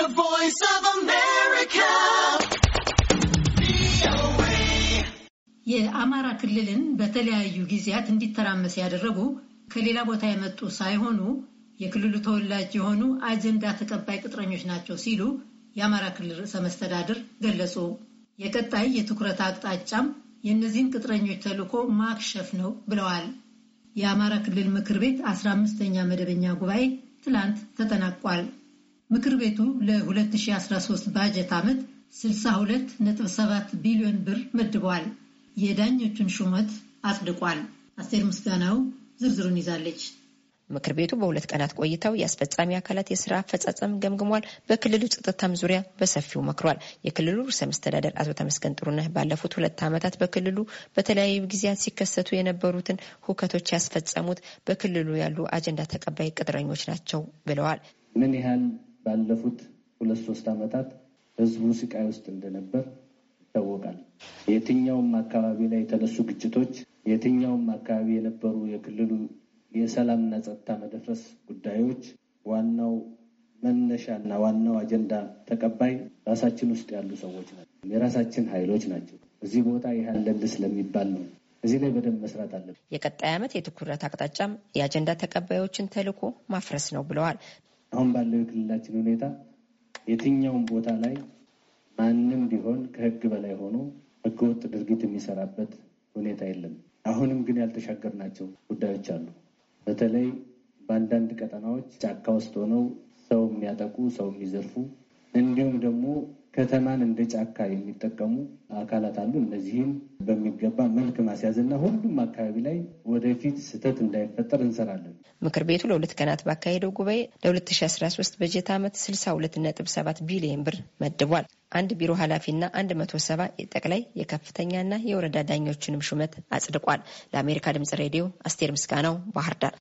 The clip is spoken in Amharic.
The Voice of America. የአማራ ክልልን በተለያዩ ጊዜያት እንዲተራመስ ያደረጉ ከሌላ ቦታ የመጡ ሳይሆኑ የክልሉ ተወላጅ የሆኑ አጀንዳ ተቀባይ ቅጥረኞች ናቸው ሲሉ የአማራ ክልል ርዕሰ መስተዳድር ገለጹ። የቀጣይ የትኩረት አቅጣጫም የእነዚህን ቅጥረኞች ተልዕኮ ማክሸፍ ነው ብለዋል። የአማራ ክልል ምክር ቤት አስራ አምስተኛ መደበኛ ጉባኤ ትላንት ተጠናቋል። ምክር ቤቱ ለ2013 ባጀት ዓመት 62.7 ቢሊዮን ብር መድቧል። የዳኞቹን ሹመት አጽድቋል። አስቴር ምስጋናው ዝርዝሩን ይዛለች። ምክር ቤቱ በሁለት ቀናት ቆይታው የአስፈጻሚ አካላት የስራ አፈጻጸም ገምግሟል። በክልሉ ጸጥታም ዙሪያ በሰፊው መክሯል። የክልሉ ርዕሰ መስተዳደር አቶ ተመስገን ጥሩነህ ባለፉት ሁለት ዓመታት በክልሉ በተለያዩ ጊዜያት ሲከሰቱ የነበሩትን ሁከቶች ያስፈጸሙት በክልሉ ያሉ አጀንዳ ተቀባይ ቅጥረኞች ናቸው ብለዋል። ምን ያህል ባለፉት ሁለት ሶስት ዓመታት ህዝቡ ስቃይ ውስጥ እንደነበር ይታወቃል። የትኛውም አካባቢ ላይ የተነሱ ግጭቶች፣ የትኛውም አካባቢ የነበሩ የክልሉ የሰላምና ጸጥታ መደፍረስ ጉዳዮች ዋናው መነሻና ዋናው አጀንዳ ተቀባይ ራሳችን ውስጥ ያሉ ሰዎች ናቸው፣ የራሳችን ኃይሎች ናቸው። እዚህ ቦታ ይህ አለል ስለሚባል ነው። እዚህ ላይ በደንብ መስራት አለብን። የቀጣይ ዓመት የትኩረት አቅጣጫም የአጀንዳ ተቀባዮችን ተልዕኮ ማፍረስ ነው ብለዋል አሁን ባለው የክልላችን ሁኔታ የትኛውም ቦታ ላይ ማንም ቢሆን ከህግ በላይ ሆኖ ህገወጥ ድርጊት የሚሰራበት ሁኔታ የለም። አሁንም ግን ያልተሻገርናቸው ጉዳዮች አሉ። በተለይ በአንዳንድ ቀጠናዎች ጫካ ውስጥ ሆነው ሰው የሚያጠቁ ሰው የሚዘርፉ እንዲሁም ደግሞ ከተማን እንደ ጫካ የሚጠቀሙ አካላት አሉ። እነዚህም በሚገባ መልክ ማስያዝና ሁሉም አካባቢ ላይ ወደፊት ስህተት እንዳይፈጠር እንሰራለን። ምክር ቤቱ ለሁለት ቀናት ባካሄደው ጉባኤ ለ2013 በጀት ዓመት 62.7 ቢሊዮን ብር መድቧል። አንድ ቢሮ ኃላፊና 170 ጠቅላይ የከፍተኛና የወረዳ ዳኞችንም ሹመት አጽድቋል። ለአሜሪካ ድምጽ ሬዲዮ አስቴር ምስጋናው ባህር ዳር